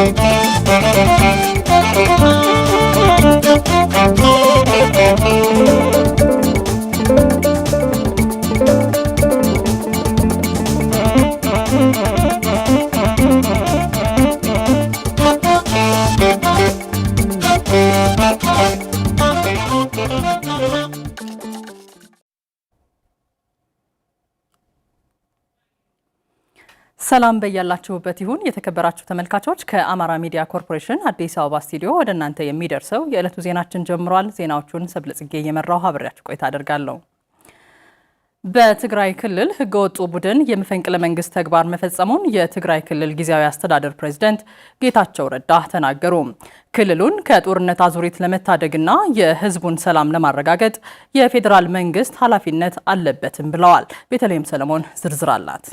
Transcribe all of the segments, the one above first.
Thank you. ሰላም በያላችሁበት ይሁን የተከበራችሁ ተመልካቾች። ከአማራ ሚዲያ ኮርፖሬሽን አዲስ አበባ ስቱዲዮ ወደ እናንተ የሚደርሰው የዕለቱ ዜናችን ጀምሯል። ዜናዎቹን ሰብለጽጌ እየመራው አብሬያችሁ ቆይታ አደርጋለሁ። በትግራይ ክልል ህገወጡ ቡድን የመፈንቅለ መንግስት ተግባር መፈጸሙን የትግራይ ክልል ጊዜያዊ አስተዳደር ፕሬዝደንት ጌታቸው ረዳ ተናገሩ። ክልሉን ከጦርነት አዙሪት ለመታደግና የህዝቡን ሰላም ለማረጋገጥ የፌዴራል መንግስት ኃላፊነት አለበትም ብለዋል። ቤተልሔም ሰለሞን ዝርዝር አላት።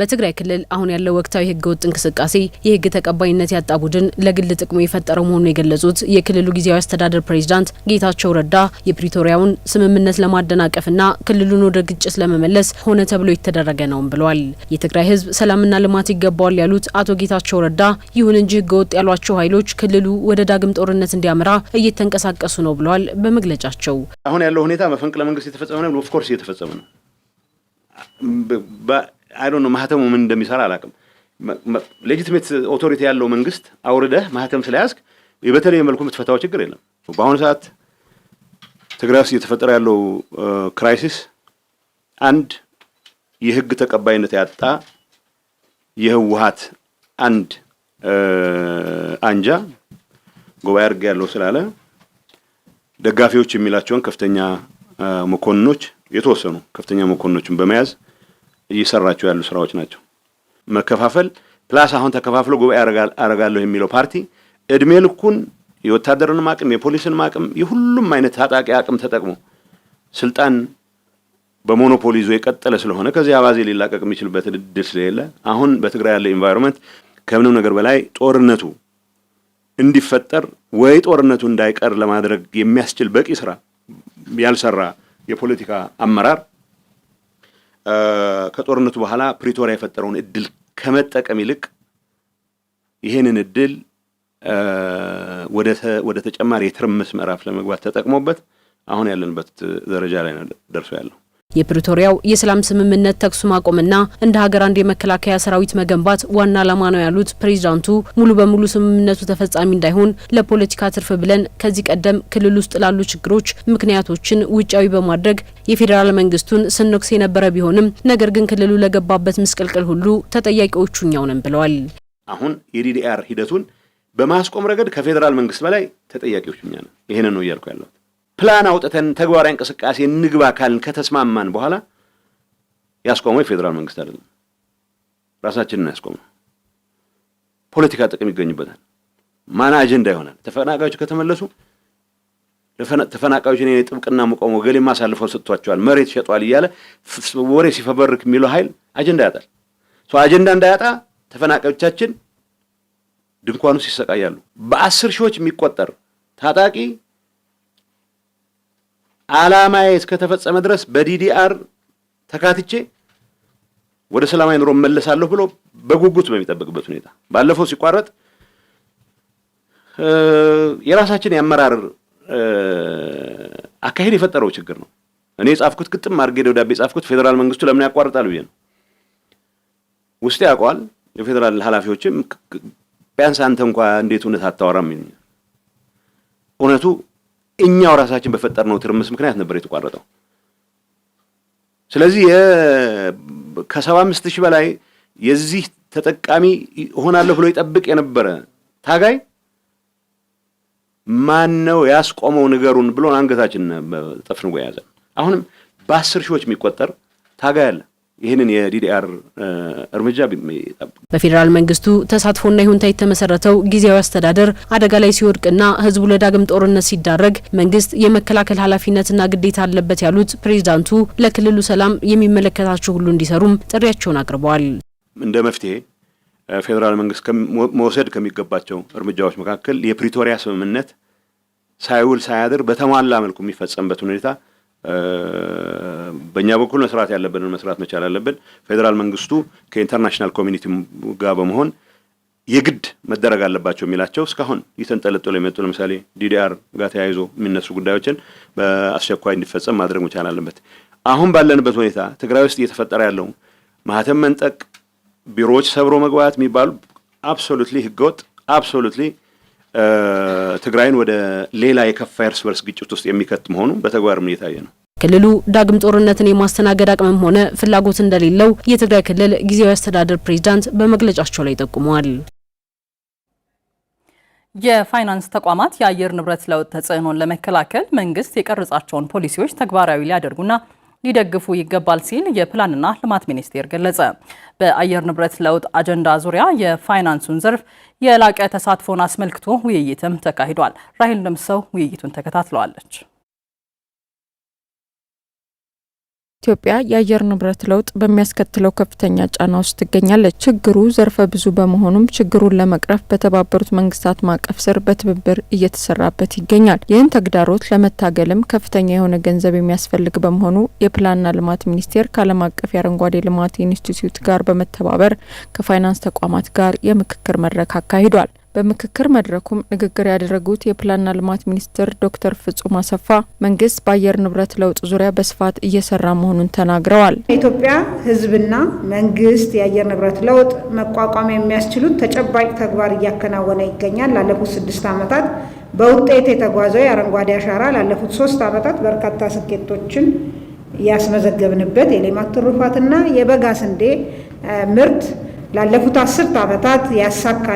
በትግራይ ክልል አሁን ያለው ወቅታዊ ህገ ወጥ እንቅስቃሴ የህግ ተቀባይነት ያጣ ቡድን ለግል ጥቅሙ የፈጠረው መሆኑን የገለጹት የክልሉ ጊዜያዊ አስተዳደር ፕሬዚዳንት ጌታቸው ረዳ የፕሪቶሪያውን ስምምነት ለማደናቀፍና ክልሉን ወደ ግጭት ለመመለስ ሆነ ተብሎ የተደረገ ነውም ብለዋል። የትግራይ ህዝብ ሰላምና ልማት ይገባዋል ያሉት አቶ ጌታቸው ረዳ፣ ይሁን እንጂ ህገ ወጥ ያሏቸው ኃይሎች ክልሉ ወደ ዳግም ጦርነት እንዲያመራ እየተንቀሳቀሱ ነው ብለዋል። በመግለጫቸው አሁን ያለው ሁኔታ መፈንቅለ መንግስት የተፈጸመ ነው። ኦፍኮርስ እየተፈጸመ ነው አይ ነው ማህተሙ ምን እንደሚሰራ አላውቅም። ሌጂትሜት ኦቶሪቲ ያለው መንግስት አውርደህ ማህተም ስለያዝክ በተለየ መልኩ የምትፈታው ችግር የለም። በአሁኑ ሰዓት ትግራይ ውስጥ እየተፈጠረ ያለው ክራይሲስ አንድ የህግ ተቀባይነት ያጣ የህወሀት አንድ አንጃ ጉባኤ አድርጌ ያለው ስላለ ደጋፊዎች የሚላቸውን ከፍተኛ መኮንኖች የተወሰኑ ከፍተኛ መኮንኖችን በመያዝ እየሰራቸው ያሉ ስራዎች ናቸው። መከፋፈል ፕላስ አሁን ተከፋፍሎ ጉባኤ አረጋለሁ የሚለው ፓርቲ እድሜ ልኩን የወታደርንም አቅም የፖሊስንም አቅም የሁሉም አይነት ታጣቂ አቅም ተጠቅሞ ስልጣን በሞኖፖሊ ይዞ የቀጠለ ስለሆነ ከዚህ አባዜ ሊላቀቅ የሚችልበት እድል ስለሌለ አሁን በትግራይ ያለው ኢንቫይሮንመንት ከምንም ነገር በላይ ጦርነቱ እንዲፈጠር ወይ ጦርነቱ እንዳይቀር ለማድረግ የሚያስችል በቂ ስራ ያልሰራ የፖለቲካ አመራር ከጦርነቱ በኋላ ፕሪቶሪያ የፈጠረውን እድል ከመጠቀም ይልቅ ይህንን እድል ወደ ተጨማሪ የትርምስ ምዕራፍ ለመግባት ተጠቅሞበት አሁን ያለንበት ደረጃ ላይ ነው ደርሶ ያለው። የፕሪቶሪያው የሰላም ስምምነት ተኩስ ማቆምና እንደ ሀገር አንድ የመከላከያ ሰራዊት መገንባት ዋና ዓላማ ነው ያሉት ፕሬዚዳንቱ ሙሉ በሙሉ ስምምነቱ ተፈጻሚ እንዳይሆን ለፖለቲካ ትርፍ ብለን ከዚህ ቀደም ክልል ውስጥ ላሉ ችግሮች ምክንያቶችን ውጫዊ በማድረግ የፌዴራል መንግስቱን ስንወቅስ የነበረ ቢሆንም ነገር ግን ክልሉ ለገባበት ምስቅልቅል ሁሉ ተጠያቂዎቹ እኛው ነን ብለዋል። አሁን የዲዲአር ሂደቱን በማስቆም ረገድ ከፌዴራል መንግስት በላይ ተጠያቂዎች እኛ ነን። ይህንን ነው እያልኩ ያለሁት። ፕላን አውጥተን ተግባራዊ እንቅስቃሴ እንግባ ካልን ከተስማማን በኋላ ያስቆመው የፌዴራል መንግስት አይደለም፣ ራሳችንን ያስቆመው። ፖለቲካ ጥቅም ይገኝበታል። ማን አጀንዳ ይሆናል? ተፈናቃዮች ከተመለሱ ተፈናቃዮች እኔ ጥብቅና መቆም ገሌ ማሳልፈው ሰጥቷቸዋል፣ መሬት ሸጧል እያለ ወሬ ሲፈበርክ የሚለው ኃይል አጀንዳ ያጣል። አጀንዳ እንዳያጣ ተፈናቃዮቻችን ድንኳን ውስጥ ይሰቃያሉ። በአስር ሺዎች የሚቆጠር ታጣቂ አላማ እስከተፈጸመ ድረስ በዲዲአር ተካትቼ ወደ ሰላማዊ ኑሮ መለሳለሁ ብሎ በጉጉት በሚጠብቅበት ሁኔታ ባለፈው ሲቋረጥ የራሳችን የአመራር አካሄድ የፈጠረው ችግር ነው። እኔ የጻፍኩት ግጥም አድርጌ ደብዳቤ የጻፍኩት ፌዴራል መንግስቱ ለምን ያቋርጣል ብዬ ነው። ውስጤ ያውቀዋል። የፌዴራል ኃላፊዎችም ቢያንስ አንተ እንኳ እንዴት እውነት አታወራም? እውነቱ እኛው ራሳችን በፈጠርነው ትርምስ ምክንያት ነበር የተቋረጠው። ስለዚህ ከሰባ አምስት ሺህ በላይ የዚህ ተጠቃሚ እሆናለሁ ብሎ ይጠብቅ የነበረ ታጋይ ማን ነው ያስቆመው ንገሩን ብሎን አንገታችን ጠፍንጎ የያዘን። አሁንም በአስር ሺዎች የሚቆጠር ታጋይ አለ። ይህንን የዲዲአር እርምጃ በፌዴራል መንግስቱ ተሳትፎና ይሁንታ የተመሰረተው ጊዜያዊ አስተዳደር አደጋ ላይ ሲወድቅና ህዝቡ ለዳግም ጦርነት ሲዳረግ መንግስት የመከላከል ኃላፊነትና ግዴታ አለበት ያሉት ፕሬዚዳንቱ ለክልሉ ሰላም የሚመለከታቸው ሁሉ እንዲሰሩም ጥሪያቸውን አቅርበዋል። እንደ መፍትሄ ፌዴራል መንግስት መውሰድ ከሚገባቸው እርምጃዎች መካከል የፕሪቶሪያ ስምምነት ሳይውል ሳያድር በተሟላ መልኩ የሚፈጸምበት ሁኔታ በእኛ በኩል መስራት ያለብንን መስራት መቻል አለብን። ፌዴራል መንግስቱ ከኢንተርናሽናል ኮሚኒቲ ጋር በመሆን የግድ መደረግ አለባቸው የሚላቸው እስካሁን እየተንጠለጠሉ የመጡ ለምሳሌ ዲዲአር ጋር ተያይዞ የሚነሱ ጉዳዮችን በአስቸኳይ እንዲፈጸም ማድረግ መቻል አለበት። አሁን ባለንበት ሁኔታ ትግራይ ውስጥ እየተፈጠረ ያለው ማህተም መንጠቅ፣ ቢሮዎች ሰብሮ መግባት የሚባሉ አብሶሉትሊ ህገወጥ አብሶሉትሊ ትግራይን ወደ ሌላ የከፋ እርስ በርስ ግጭት ውስጥ የሚከት መሆኑ በተግባርም እየታየ ነው። ክልሉ ዳግም ጦርነትን የማስተናገድ አቅምም ሆነ ፍላጎት እንደሌለው የትግራይ ክልል ጊዜያዊ አስተዳደር ፕሬዚዳንት በመግለጫቸው ላይ ጠቁመዋል። የፋይናንስ ተቋማት የአየር ንብረት ለውጥ ተጽዕኖን ለመከላከል መንግስት የቀረጻቸውን ፖሊሲዎች ተግባራዊ ሊያደርጉና ሊደግፉ ይገባል ሲል የፕላንና ልማት ሚኒስቴር ገለጸ። በአየር ንብረት ለውጥ አጀንዳ ዙሪያ የፋይናንሱን ዘርፍ የላቀ ተሳትፎን አስመልክቶ ውይይትም ተካሂዷል። ራሂል ደምሰው ውይይቱን ተከታትለዋለች። ኢትዮጵያ የአየር ንብረት ለውጥ በሚያስከትለው ከፍተኛ ጫና ውስጥ ትገኛለች። ችግሩ ዘርፈ ብዙ በመሆኑም ችግሩን ለመቅረፍ በተባበሩት መንግስታት ማዕቀፍ ስር በትብብር እየተሰራበት ይገኛል። ይህን ተግዳሮት ለመታገልም ከፍተኛ የሆነ ገንዘብ የሚያስፈልግ በመሆኑ የፕላንና ልማት ሚኒስቴር ከዓለም አቀፍ የአረንጓዴ ልማት ኢንስቲትዩት ጋር በመተባበር ከፋይናንስ ተቋማት ጋር የምክክር መድረክ አካሂዷል። በምክክር መድረኩም ንግግር ያደረጉት የፕላንና ልማት ሚኒስትር ዶክተር ፍጹም አሰፋ መንግስት በአየር ንብረት ለውጥ ዙሪያ በስፋት እየሰራ መሆኑን ተናግረዋል። የኢትዮጵያ ሕዝብና መንግስት የአየር ንብረት ለውጥ መቋቋም የሚያስችሉት ተጨባጭ ተግባር እያከናወነ ይገኛል። ላለፉት ስድስት ዓመታት በውጤት የተጓዘው የአረንጓዴ አሻራ ላለፉት ሶስት ዓመታት በርካታ ስኬቶችን ያስመዘገብንበት የሌማት ትሩፋትና የበጋ ስንዴ ምርት ላለፉት አስርት ዓመታት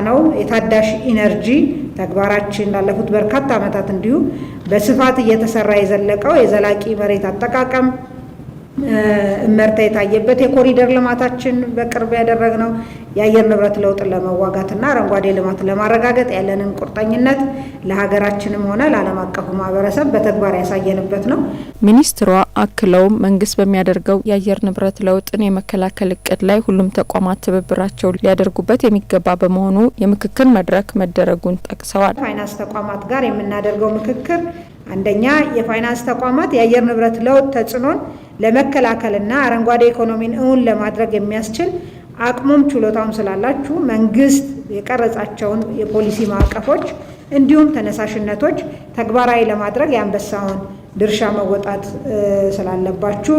ነው። የታዳሽ ኢነርጂ ተግባራችን ላለፉት በርካታ ዓመታት እንዲሁ በስፋት እየተሰራ የዘለቀው የዘላቂ መሬት አጠቃቀም እመርታ የታየበት የኮሪደር ልማታችን በቅርብ ያደረግነው የአየር ንብረት ለውጥን ለመዋጋትና አረንጓዴ ልማት ለማረጋገጥ ያለንን ቁርጠኝነት ለሀገራችንም ሆነ ለዓለም አቀፉ ማህበረሰብ በተግባር ያሳየንበት ነው። ሚኒስትሯ አክለውም መንግስት በሚያደርገው የአየር ንብረት ለውጥን የመከላከል እቅድ ላይ ሁሉም ተቋማት ትብብራቸው ሊያደርጉበት የሚገባ በመሆኑ የምክክር መድረክ መደረጉን ጠቅሰዋል። ፋይናንስ ተቋማት ጋር የምናደርገው ምክክር አንደኛ የፋይናንስ ተቋማት የአየር ንብረት ለውጥ ተጽዕኖን ለመከላከልና አረንጓዴ ኢኮኖሚን እውን ለማድረግ የሚያስችል አቅሙም ችሎታውም ስላላችሁ መንግስት የቀረጻቸውን የፖሊሲ ማዕቀፎች እንዲሁም ተነሳሽነቶች ተግባራዊ ለማድረግ የአንበሳውን ድርሻ መወጣት ስላለባችሁ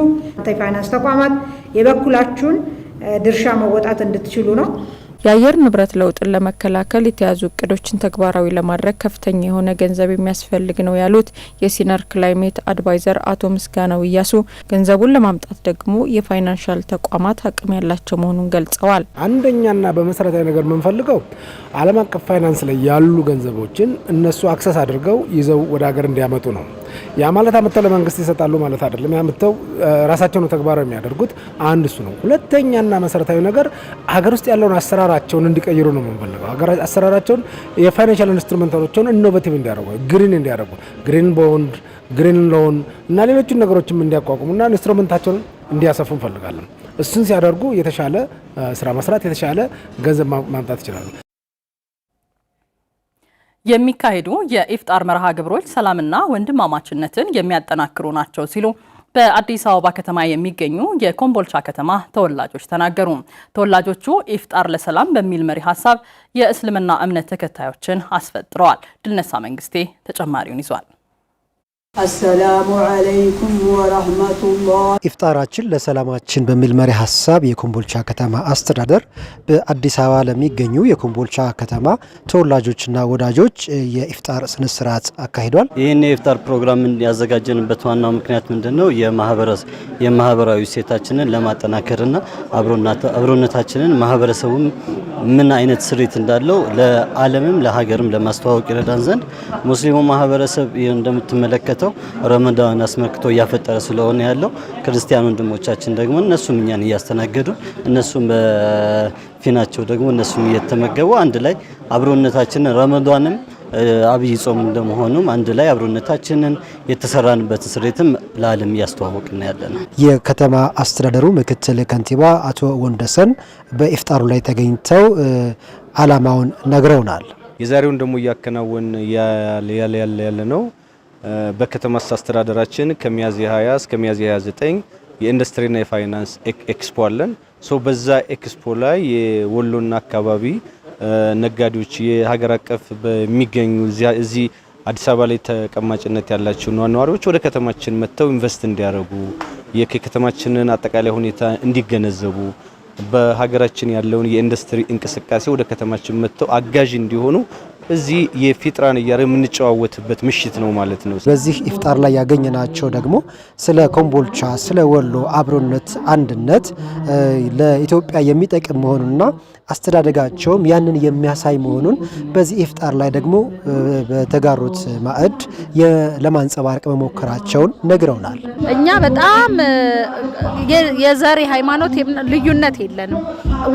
የፋይናንስ ተቋማት የበኩላችሁን ድርሻ መወጣት እንድትችሉ ነው። የአየር ንብረት ለውጥን ለመከላከል የተያዙ እቅዶችን ተግባራዊ ለማድረግ ከፍተኛ የሆነ ገንዘብ የሚያስፈልግ ነው ያሉት የሲነር ክላይሜት አድቫይዘር አቶ ምስጋናው እያሱ ገንዘቡን ለማምጣት ደግሞ የፋይናንሻል ተቋማት አቅም ያላቸው መሆኑን ገልጸዋል። አንደኛና በመሰረታዊ ነገር የምንፈልገው ዓለም አቀፍ ፋይናንስ ላይ ያሉ ገንዘቦችን እነሱ አክሰስ አድርገው ይዘው ወደ ሀገር እንዲያመጡ ነው። ያ ማለት አምጥተው ለመንግስት ይሰጣሉ ማለት አይደለም። ያ ያምጥተው ራሳቸው ነው ተግባራዊ የሚያደርጉት። አንድ እሱ ነው። ሁለተኛና መሰረታዊ ነገር ሀገር ውስጥ ያለውን አሰራራቸውን እንዲቀይሩ ነው የምንፈልገው። አሰራራቸውን የፋይናንሻል ኢንስትሩመንታቸውን ኢኖቬቲቭ እንዲያደርጉ፣ ግሪን እንዲያደርጉ፣ ግሪን ቦንድ፣ ግሪን ሎን እና ሌሎችን ነገሮችም እንዲያቋቁሙና ኢንስትሩመንታቸውን እንዲያሰፉ እንፈልጋለን። እሱን ሲያደርጉ የተሻለ ስራ መስራት የተሻለ ገንዘብ ማምጣት ይችላሉ። የሚካሄዱ የኢፍጣር መርሃ ግብሮች ሰላምና ወንድማማችነትን የሚያጠናክሩ ናቸው ሲሉ በአዲስ አበባ ከተማ የሚገኙ የኮምቦልቻ ከተማ ተወላጆች ተናገሩ። ተወላጆቹ ኢፍጣር ለሰላም በሚል መሪ ሀሳብ የእስልምና እምነት ተከታዮችን አስፈጥረዋል። ድልነሳ መንግስቴ ተጨማሪውን ይዟል። አሰላሙ አለይኩም ወረህመቱላህ። ኢፍጣራችን ለሰላማችን በሚል መሪ ሀሳብ የኮምቦልቻ ከተማ አስተዳደር በአዲስ አበባ ለሚገኙ የኮምቦልቻ ከተማ ተወላጆችና ወዳጆች የኢፍጣር ስነስርዓት አካሂዷል። ይህን የኢፍጣር ፕሮግራም ያዘጋጀንበት ዋናው ምክንያት ምንድን ነው? የማህበራዊ እሴታችንን ለማጠናከርና አብሮነታችንን ማህበረሰቡም ምን አይነት ስሪት እንዳለው ለዓለምም ለሀገርም ለማስተዋወቅ ይረዳን ዘንድ ሙስሊሙ ማህበረሰብ እንደምትመለከተው ሰው ረመዳን አስመልክቶ እያፈጠረ ስለሆነ ያለው ክርስቲያን ወንድሞቻችን ደግሞ እነሱም እኛን እያስተናገዱ እነሱም በፊናቸው ደግሞ እነሱም እየተመገቡ አንድ ላይ አብሮነታችንን ረመዳንም አብይ ጾም እንደመሆኑም አንድ ላይ አብሮነታችንን የተሰራንበትን ስሬትም ለዓለም እያስተዋወቅን ያለ ነው። የከተማ አስተዳደሩ ምክትል ከንቲባ አቶ ወንደሰን በኢፍጣሩ ላይ ተገኝተው አላማውን ነግረውናል። የዛሬውን ደግሞ እያከናወን ያለ ነው በከተማ አስተዳደራችን ከሚያዝያ 20 እስከ ሚያዝያ 29 የኢንዱስትሪና የፋይናንስ ኤክስፖ አለን። ሶ በዛ ኤክስፖ ላይ የወሎና አካባቢ ነጋዴዎች የሀገር አቀፍ በሚገኙ እዚህ አዲስ አበባ ላይ ተቀማጭነት ያላቸው ነዋሪዎች ወደ ከተማችን መጥተው ኢንቨስት እንዲያደርጉ የከተማችንን አጠቃላይ ሁኔታ እንዲገነዘቡ በሀገራችን ያለውን የኢንዱስትሪ እንቅስቃሴ ወደ ከተማችን መጥተው አጋዥ እንዲሆኑ እዚህ የፊጥራን እያረ የምንጨዋወትበት ምሽት ነው ማለት ነው። በዚህ ኢፍጣር ላይ ያገኘናቸው ደግሞ ስለ ኮምቦልቻ፣ ስለ ወሎ አብሮነት፣ አንድነት ለኢትዮጵያ የሚጠቅም መሆኑንና አስተዳደጋቸውም ያንን የሚያሳይ መሆኑን በዚህ ኢፍጣር ላይ ደግሞ በተጋሩት ማዕድ ለማንጸባረቅ መሞከራቸውን ነግረውናል። እኛ በጣም የዘሬ ሃይማኖት ልዩነት የለንም።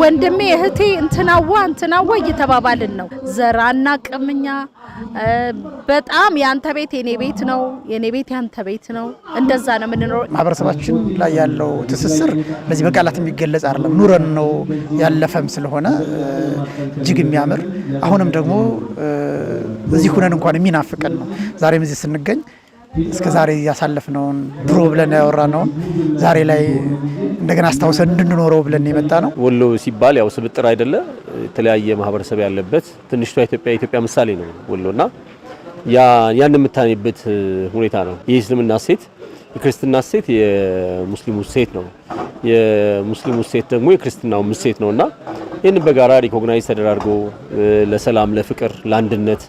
ወንድሜ እህቴ እንትናዋ እንትናዋ እየተባባልን ነው ዘራና አናቅም በጣም የአንተ ቤት የኔ ቤት ነው፣ የኔ ቤት የአንተ ቤት ነው። እንደዛ ነው የምንኖረው። ማህበረሰባችን ላይ ያለው ትስስር በዚህ በቃላት የሚገለጽ አይደለም። ኑረን ነው ያለፈም ስለሆነ እጅግ የሚያምር አሁንም ደግሞ እዚህ ሁነን እንኳን የሚናፍቀን ነው። ዛሬም እዚህ ስንገኝ እስከ ዛሬ ያሳለፍነውን ድሮ ብለን ያወራነውን ዛሬ ላይ እንደገና አስታውሰን እንድንኖረው ብለን የመጣ ነው። ወሎ ሲባል ያው ስብጥር አይደለ የተለያየ ማህበረሰብ ያለበት ትንሽቷ ኢትዮጵያ የኢትዮጵያ ምሳሌ ነው ወሎና ያን የምታኔበት ሁኔታ ነው። የእስልምና ሴት የክርስትና ሴት የሙስሊሙ ሴት ነው። የሙስሊሙ ሴት ደግሞ የክርስትናው ሴት ነው እና ይህን በጋራ ሪኮግናይዝ ተደራርጎ ለሰላም፣ ለፍቅር፣ ለአንድነት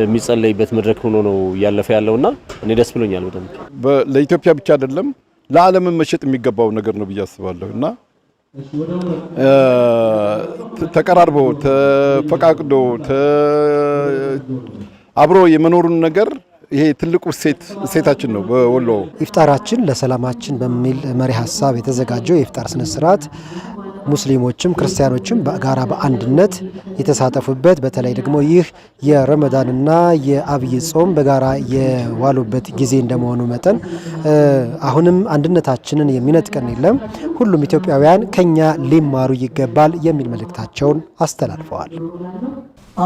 የሚጸለይበት መድረክ ሆኖ ነው እያለፈ ያለውና እኔ ደስ ብሎኛል በደንብ ለኢትዮጵያ ብቻ አይደለም ለዓለምን መሸጥ የሚገባው ነገር ነው ብዬ አስባለሁ እና ተቀራርቦ ተፈቃቅዶ አብሮ የመኖሩን ነገር ይሄ ትልቁ እሴታችን ነው። በወሎ ኢፍጣራችን ለሰላማችን በሚል መሪ ሀሳብ የተዘጋጀው የኢፍጣር ስነስርዓት ሙስሊሞችም ክርስቲያኖችም በጋራ በአንድነት የተሳተፉበት በተለይ ደግሞ ይህ የረመዳንና የአብይ ጾም በጋራ የዋሉበት ጊዜ እንደመሆኑ መጠን አሁንም አንድነታችንን የሚነጥቀን የለም፣ ሁሉም ኢትዮጵያውያን ከኛ ሊማሩ ይገባል የሚል መልእክታቸውን አስተላልፈዋል።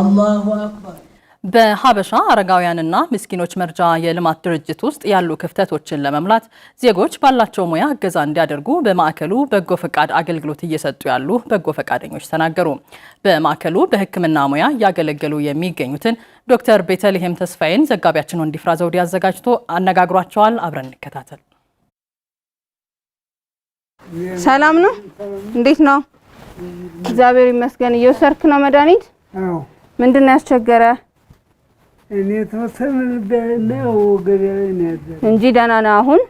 አላሁ አክበር በሀበሻ አረጋውያንና ምስኪኖች መርጃ የልማት ድርጅት ውስጥ ያሉ ክፍተቶችን ለመምላት ዜጎች ባላቸው ሙያ እገዛ እንዲያደርጉ በማዕከሉ በጎ ፈቃድ አገልግሎት እየሰጡ ያሉ በጎ ፈቃደኞች ተናገሩ። በማዕከሉ በሕክምና ሙያ እያገለገሉ የሚገኙትን ዶክተር ቤተልሔም ተስፋዬን ዘጋቢያችን ወንዲፍራ ዘውዴ አዘጋጅቶ አነጋግሯቸዋል። አብረን እንከታተል። ሰላም ነው? እንዴት ነው? እግዚአብሔር ይመስገን። እየወሰድክ ነው መድኃኒት? ምንድን ነው ያስቸገረ? እንጂ ደህና አሁን?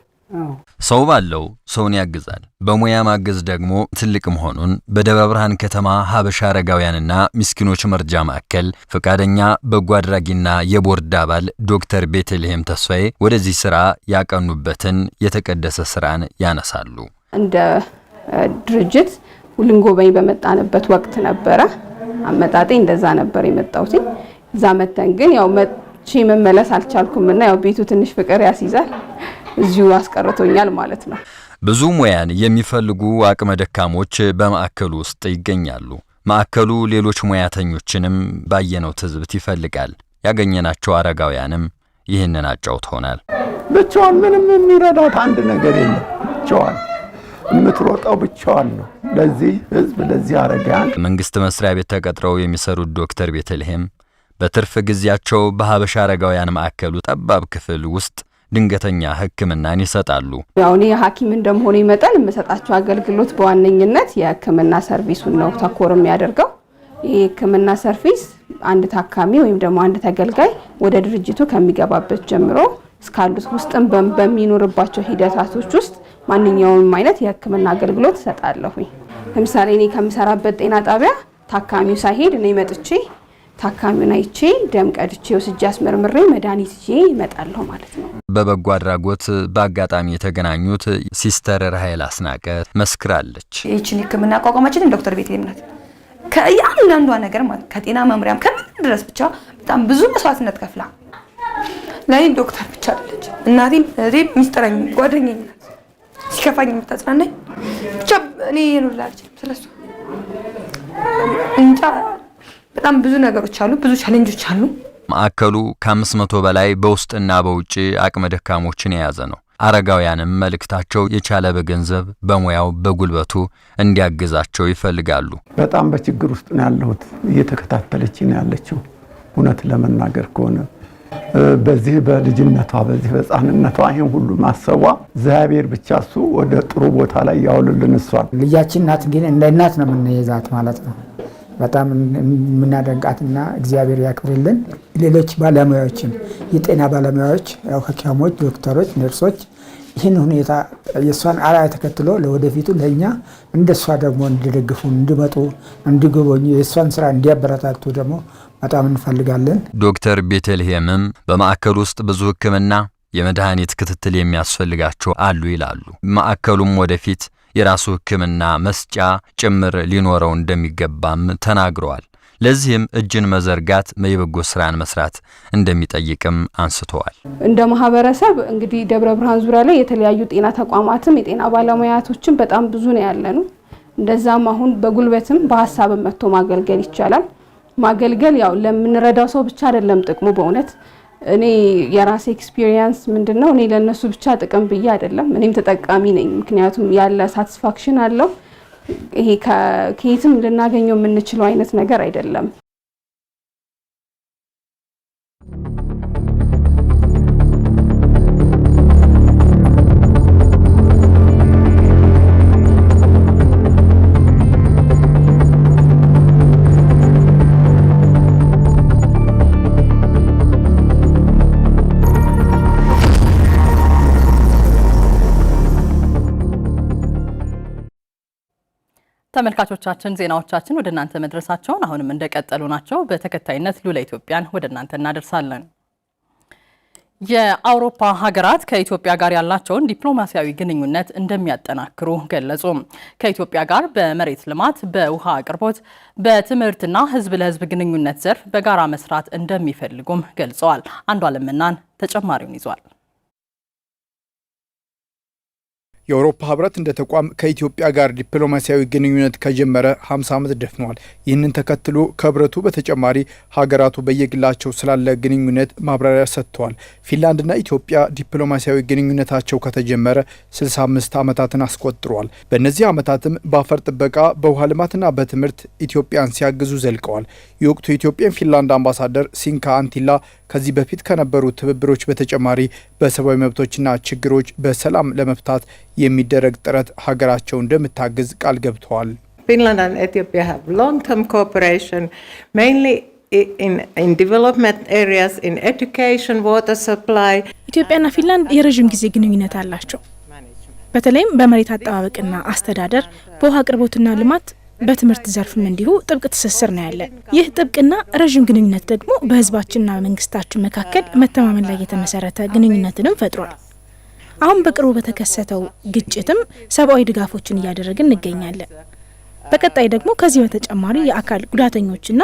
ሰው ባለው ሰውን ያግዛል። በሙያ ማገዝ ደግሞ ትልቅ መሆኑን በደብረ ብርሃን ከተማ ሀበሻ አረጋውያንና ምስኪኖች መርጃ ማዕከል ፈቃደኛ በጎ አድራጊና የቦርድ አባል ዶክተር ቤተልሔም ተስፋዬ ወደዚህ ስራ ያቀኑበትን የተቀደሰ ስራን ያነሳሉ። እንደ ድርጅት ልንጎበኝ በመጣንበት ወቅት ነበረ አመጣጤ እንደዛ ነበር የመጣሁት እዛ መተን ግን ያው መቼ መመለስ አልቻልኩም እና ያው ቤቱ ትንሽ ፍቅር ያስይዛል እዚሁ አስቀርቶኛል ማለት ነው። ብዙ ሙያን የሚፈልጉ አቅመ ደካሞች በማዕከሉ ውስጥ ይገኛሉ። ማዕከሉ ሌሎች ሙያተኞችንም ባየነው ትዝብት ይፈልጋል። ያገኘናቸው አረጋውያንም ይህንን አጫውተውናል። ብቻዋን ምንም የሚረዳት አንድ ነገር የለም። ብቻዋን የምትሮጠው ብቻዋን ነው። ለዚህ ህዝብ፣ ለዚህ አረጋውያን መንግስት መስሪያ ቤት ተቀጥረው የሚሰሩት ዶክተር ቤተልሔም በትርፍ ጊዜያቸው በሀበሻ አረጋውያን ማዕከሉ ጠባብ ክፍል ውስጥ ድንገተኛ ሕክምናን ይሰጣሉ። ያው እኔ ሐኪም እንደመሆኑ መጠን የምሰጣቸው አገልግሎት በዋነኝነት የሕክምና ሰርቪሱን ነው ተኮር የሚያደርገው። ይህ የሕክምና ሰርቪስ አንድ ታካሚ ወይም ደግሞ አንድ ተገልጋይ ወደ ድርጅቱ ከሚገባበት ጀምሮ እስካሉት ውስጥም በሚኖርባቸው ሂደታቶች ውስጥ ማንኛውም አይነት የሕክምና አገልግሎት እሰጣለሁኝ። ለምሳሌ እኔ ከምሰራበት ጤና ጣቢያ ታካሚው ሳይሄድ እኔ መጥቼ ታካሚውን አይቼ ደም ቀድቼ ወስጄ አስመርምሬ መድኃኒት ይዤ ይመጣለሁ ማለት ነው። በበጎ አድራጎት በአጋጣሚ የተገናኙት ሲስተር ራሄል አስናቀ መስክራለች። ይህችን ሕክምና አቋቋማችንም ዶክተር ቤተልሔም ናት። ከእያንዳንዷ ነገር ማለት ከጤና መምሪያም ከምን ድረስ ብቻ በጣም ብዙ መስዋዕትነት ከፍላ ለእኔ ዶክተር ብቻ አለች። እናቴም እህቴም ሚስጥረኝ ጓደኛ ናት። ሲከፋኝ የምታጽናናኝ ብቻ እኔ ይኑላችን ስለሱ እንጃ በጣም ብዙ ነገሮች አሉ፣ ብዙ ቻሌንጆች አሉ። ማዕከሉ ከ500 በላይ በውስጥና በውጭ አቅመ ደካሞችን የያዘ ነው። አረጋውያንም መልእክታቸው የቻለ በገንዘብ በሙያው በጉልበቱ እንዲያግዛቸው ይፈልጋሉ። በጣም በችግር ውስጥ ነው ያለሁት፣ እየተከታተለች ነው ያለችው። እውነት ለመናገር ከሆነ በዚህ በልጅነቷ በዚህ በሕፃንነቷ ይህን ሁሉ ማሰቧ እግዚአብሔር ብቻ እሱ ወደ ጥሩ ቦታ ላይ ያውልልን። እሷል ልጃችን ናት፣ ግን እንደ እናት ነው የምንይዛት ማለት ነው በጣም የምናደንቃትና እግዚአብሔር ያክብርልን። ሌሎች ባለሙያዎችም የጤና ባለሙያዎች ሐኪሞች፣ ዶክተሮች፣ ነርሶች ይህን ሁኔታ የእሷን አርአያ ተከትሎ ለወደፊቱ ለእኛ እንደ እሷ ደግሞ እንዲደግፉ፣ እንዲመጡ፣ እንዲጎበኙ የእሷን ስራ እንዲያበረታቱ ደግሞ በጣም እንፈልጋለን። ዶክተር ቤተልሔምም በማዕከል ውስጥ ብዙ ሕክምና የመድኃኒት ክትትል የሚያስፈልጋቸው አሉ ይላሉ። ማዕከሉም ወደፊት የራሱ ሕክምና መስጫ ጭምር ሊኖረው እንደሚገባም ተናግረዋል። ለዚህም እጅን መዘርጋት የበጎ ስራን መስራት እንደሚጠይቅም አንስተዋል። እንደ ማህበረሰብ እንግዲህ ደብረ ብርሃን ዙሪያ ላይ የተለያዩ ጤና ተቋማትም የጤና ባለሙያቶችም በጣም ብዙ ነው ያለኑ። እንደዛም አሁን በጉልበትም በሀሳብም መጥቶ ማገልገል ይቻላል። ማገልገል ያው ለምንረዳው ሰው ብቻ አይደለም ጥቅሙ በእውነት እኔ የራሴ ኤክስፒሪየንስ ምንድን ነው፣ እኔ ለእነሱ ብቻ ጥቅም ብዬ አይደለም፣ እኔም ተጠቃሚ ነኝ። ምክንያቱም ያለ ሳቲስፋክሽን አለው። ይሄ ከየትም ልናገኘው የምንችለው አይነት ነገር አይደለም። ተመልካቾቻችን ዜናዎቻችን ወደ እናንተ መድረሳቸውን አሁንም እንደቀጠሉ ናቸው። በተከታይነት ሉላ ኢትዮጵያን ወደ እናንተ እናደርሳለን። የአውሮፓ ሀገራት ከኢትዮጵያ ጋር ያላቸውን ዲፕሎማሲያዊ ግንኙነት እንደሚያጠናክሩ ገለጹ። ከኢትዮጵያ ጋር በመሬት ልማት፣ በውሃ አቅርቦት፣ በትምህርትና ሕዝብ ለሕዝብ ግንኙነት ዘርፍ በጋራ መስራት እንደሚፈልጉም ገልጸዋል። አንዷለም ናን ተጨማሪውን ይዟል። የአውሮፓ ህብረት እንደ ተቋም ከኢትዮጵያ ጋር ዲፕሎማሲያዊ ግንኙነት ከጀመረ 50 ዓመት ደፍኗል። ይህንን ተከትሎ ከህብረቱ በተጨማሪ ሀገራቱ በየግላቸው ስላለ ግንኙነት ማብራሪያ ሰጥተዋል። ፊንላንድና ኢትዮጵያ ዲፕሎማሲያዊ ግንኙነታቸው ከተጀመረ 65 ዓመታትን አስቆጥሯል። በእነዚህ ዓመታትም በአፈር ጥበቃ፣ በውሃ ልማትና በትምህርት ኢትዮጵያን ሲያግዙ ዘልቀዋል። የወቅቱ የኢትዮጵያን ፊንላንድ አምባሳደር ሲንካ አንቲላ ከዚህ በፊት ከነበሩ ትብብሮች በተጨማሪ በሰብአዊ መብቶችና ችግሮች በሰላም ለመፍታት የሚደረግ ጥረት ሀገራቸው እንደምታግዝ ቃል ገብተዋል። ፊንላንድ ኢትዮጵያና ፊንላንድ የረዥም ጊዜ ግንኙነት አላቸው። በተለይም በመሬት አጠባበቅና አስተዳደር፣ በውሃ አቅርቦትና ልማት፣ በትምህርት ዘርፍም እንዲሁ ጥብቅ ትስስር ነው ያለን። ይህ ጥብቅና ረዥም ግንኙነት ደግሞ በህዝባችንና በመንግስታችን መካከል መተማመን ላይ የተመሰረተ ግንኙነትንም ፈጥሯል። አሁን በቅርቡ በተከሰተው ግጭትም ሰብአዊ ድጋፎችን እያደረግን እንገኛለን። በቀጣይ ደግሞ ከዚህ በተጨማሪ የአካል ጉዳተኞችና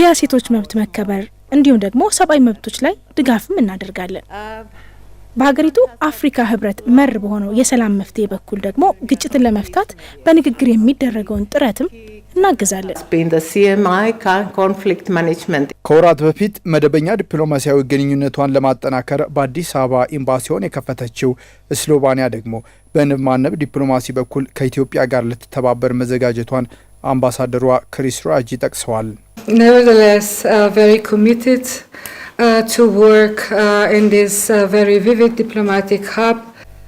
የሴቶች መብት መከበር እንዲሁም ደግሞ ሰብአዊ መብቶች ላይ ድጋፍም እናደርጋለን። በሀገሪቱ አፍሪካ ህብረት መር በሆነው የሰላም መፍትሄ በኩል ደግሞ ግጭትን ለመፍታት በንግግር የሚደረገውን ጥረትም እናግዛለን። ከወራት በፊት መደበኛ ዲፕሎማሲያዊ ግንኙነቷን ለማጠናከር በአዲስ አበባ ኤምባሲዮን የከፈተችው ስሎቫኒያ ደግሞ በንብ ማነብ ዲፕሎማሲ በኩል ከኢትዮጵያ ጋር ልትተባበር መዘጋጀቷን አምባሳደሯ ክሪስ ራጂ ጠቅሰዋል። ቨሪ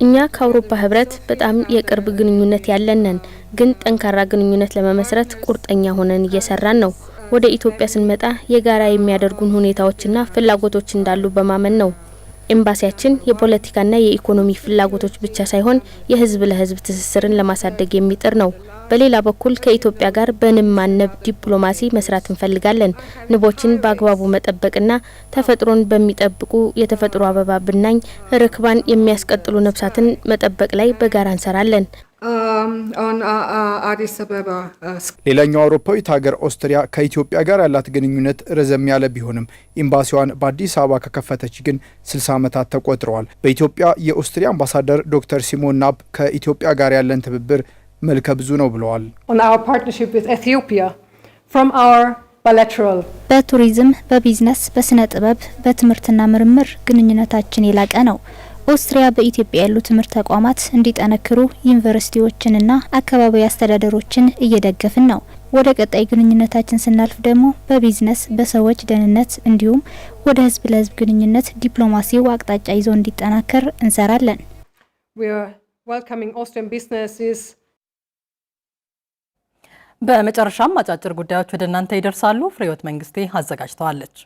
እኛ ከአውሮፓ ህብረት በጣም የቅርብ ግንኙነት ያለን ነን፣ ግን ጠንካራ ግንኙነት ለመመስረት ቁርጠኛ ሆነን እየሰራን ነው። ወደ ኢትዮጵያ ስንመጣ የጋራ የሚያደርጉን ሁኔታዎችና ፍላጎቶች እንዳሉ በማመን ነው። ኤምባሲያችን የፖለቲካና የኢኮኖሚ ፍላጎቶች ብቻ ሳይሆን የህዝብ ለህዝብ ትስስርን ለማሳደግ የሚጥር ነው። በሌላ በኩል ከኢትዮጵያ ጋር በንብ ማነብ ዲፕሎማሲ መስራት እንፈልጋለን። ንቦችን በአግባቡ መጠበቅና ተፈጥሮን በሚጠብቁ የተፈጥሮ አበባ ብናኝ ርክባን የሚያስቀጥሉ ነፍሳትን መጠበቅ ላይ በጋራ እንሰራለን። አዲስ um, uh, uh, uh, ሌላኛው አውሮፓዊት ሀገር ኦስትሪያ ከኢትዮጵያ ጋር ያላት ግንኙነት ረዘም ያለ ቢሆንም ኤምባሲዋን በአዲስ አበባ ከከፈተች ግን 60 ዓመታት ተቆጥረዋል። በኢትዮጵያ የኦስትሪያ አምባሳደር ዶክተር ሲሞን ናፕ ከኢትዮጵያ ጋር ያለን ትብብር መልከ ብዙ ነው ብለዋል። በቱሪዝም፣ በቢዝነስ፣ በስነ ጥበብ፣ በትምህርትና ምርምር ግንኙነታችን የላቀ ነው። ኦስትሪያ በኢትዮጵያ ያሉ ትምህርት ተቋማት እንዲጠነክሩ ዩኒቨርሲቲዎችንና አካባቢያዊ አስተዳደሮችን እየደገፍን ነው። ወደ ቀጣይ ግንኙነታችን ስናልፍ ደግሞ በቢዝነስ በሰዎች ደህንነት እንዲሁም ወደ ህዝብ ለህዝብ ግንኙነት ዲፕሎማሲው አቅጣጫ ይዞ እንዲጠናከር እንሰራለን። በመጨረሻም አጫጭር ጉዳዮች ወደ እናንተ ይደርሳሉ። ፍሬህይወት መንግስቴ አዘጋጅተዋለች።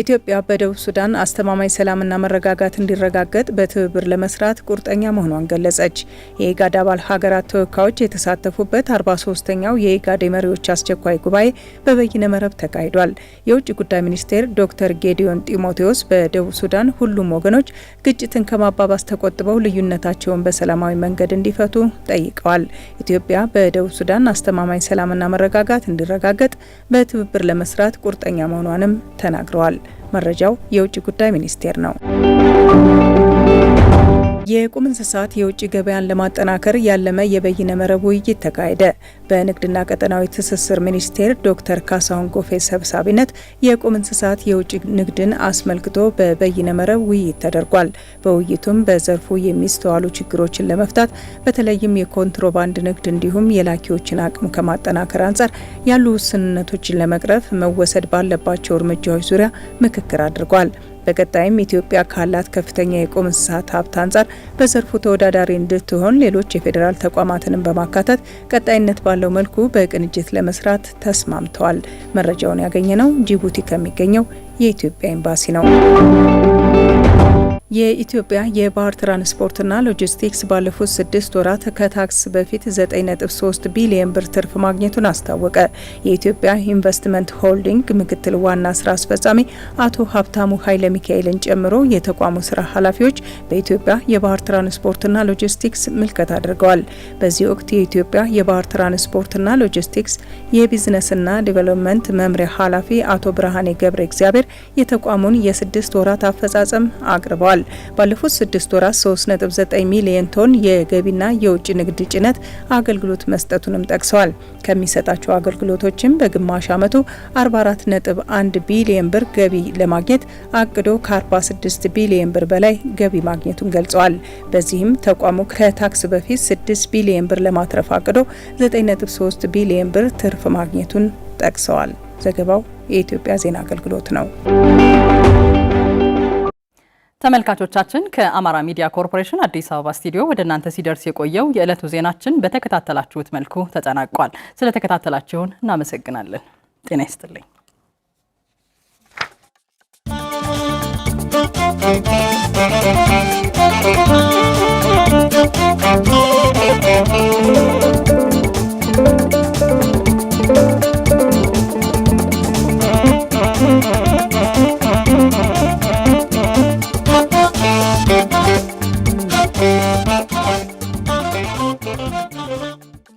ኢትዮጵያ በደቡብ ሱዳን አስተማማኝ ሰላምና መረጋጋት እንዲረጋገጥ በትብብር ለመስራት ቁርጠኛ መሆኗን ገለጸች። የኢጋድ አባል ሀገራት ተወካዮች የተሳተፉበት 43ኛው የኢጋድ የመሪዎች አስቸኳይ ጉባኤ በበይነ መረብ ተካሂዷል። የውጭ ጉዳይ ሚኒስቴር ዶክተር ጌዲዮን ጢሞቴዎስ በደቡብ ሱዳን ሁሉም ወገኖች ግጭትን ከማባባስ ተቆጥበው ልዩነታቸውን በሰላማዊ መንገድ እንዲፈቱ ጠይቀዋል። ኢትዮጵያ በደቡብ ሱዳን አስተማማኝ ሰላምና መረጋጋት እንዲረጋገጥ በትብብር ለመስራት ቁርጠኛ መሆኗንም ተናግረዋል። መረጃው የውጭ ጉዳይ ሚኒስቴር ነው። የቁም እንስሳት የውጭ ገበያን ለማጠናከር ያለመ የበይነ መረብ ውይይት ተካሄደ። በንግድና ቀጠናዊ ትስስር ሚኒስቴር ዶክተር ካሳሁን ጎፌ ሰብሳቢነት የቁም እንስሳት የውጭ ንግድን አስመልክቶ በበይነ መረብ ውይይት ተደርጓል። በውይይቱም በዘርፉ የሚስተዋሉ ችግሮችን ለመፍታት በተለይም የኮንትሮባንድ ንግድ እንዲሁም የላኪዎችን አቅም ከማጠናከር አንጻር ያሉ ውስንነቶችን ለመቅረፍ መወሰድ ባለባቸው እርምጃዎች ዙሪያ ምክክር አድርጓል። በቀጣይም ኢትዮጵያ ካላት ከፍተኛ የቁም እንስሳት ሀብት አንጻር በዘርፉ ተወዳዳሪ እንድትሆን ሌሎች የፌዴራል ተቋማትንም በማካተት ቀጣይነት ባለ ባለው መልኩ በቅንጅት ለመስራት ተስማምተዋል። መረጃውን ያገኘነው ጅቡቲ ከሚገኘው የኢትዮጵያ ኤምባሲ ነው። የኢትዮጵያ የባህር ትራንስፖርትና ሎጂስቲክስ ባለፉት ስድስት ወራት ከታክስ በፊት 9.3 ቢሊየን ብር ትርፍ ማግኘቱን አስታወቀ። የኢትዮጵያ ኢንቨስትመንት ሆልዲንግ ምክትል ዋና ስራ አስፈጻሚ አቶ ሀብታሙ ኃይለ ሚካኤልን ጨምሮ የተቋሙ ስራ ኃላፊዎች በኢትዮጵያ የባህር ትራንስፖርትና ሎጂስቲክስ ምልከት አድርገዋል። በዚህ ወቅት የኢትዮጵያ የባህር ትራንስፖርትና ሎጂስቲክስ የቢዝነስና ዲቨሎፕመንት መምሪያ ኃላፊ አቶ ብርሃኔ ገብረ እግዚአብሔር የተቋሙን የስድስት ወራት አፈጻጸም አቅርበዋል። አስታውቋል። ባለፉት ስድስት ወራት 3.9 ሚሊዮን ቶን የገቢና የውጭ ንግድ ጭነት አገልግሎት መስጠቱንም ጠቅሰዋል። ከሚሰጣቸው አገልግሎቶችም በግማሽ ዓመቱ 44.1 ቢሊዮን ብር ገቢ ለማግኘት አቅዶ ከ46 ቢሊዮን ብር በላይ ገቢ ማግኘቱን ገልጸዋል። በዚህም ተቋሙ ከታክስ በፊት 6 ቢሊዮን ብር ለማትረፍ አቅዶ 9.3 ቢሊዮን ብር ትርፍ ማግኘቱን ጠቅሰዋል። ዘገባው የኢትዮጵያ ዜና አገልግሎት ነው። ተመልካቾቻችን ከአማራ ሚዲያ ኮርፖሬሽን አዲስ አበባ ስቱዲዮ ወደ እናንተ ሲደርስ የቆየው የዕለቱ ዜናችን በተከታተላችሁት መልኩ ተጠናቋል። ስለተከታተላችሁን እናመሰግናለን። ጤና ይስጥልኝ።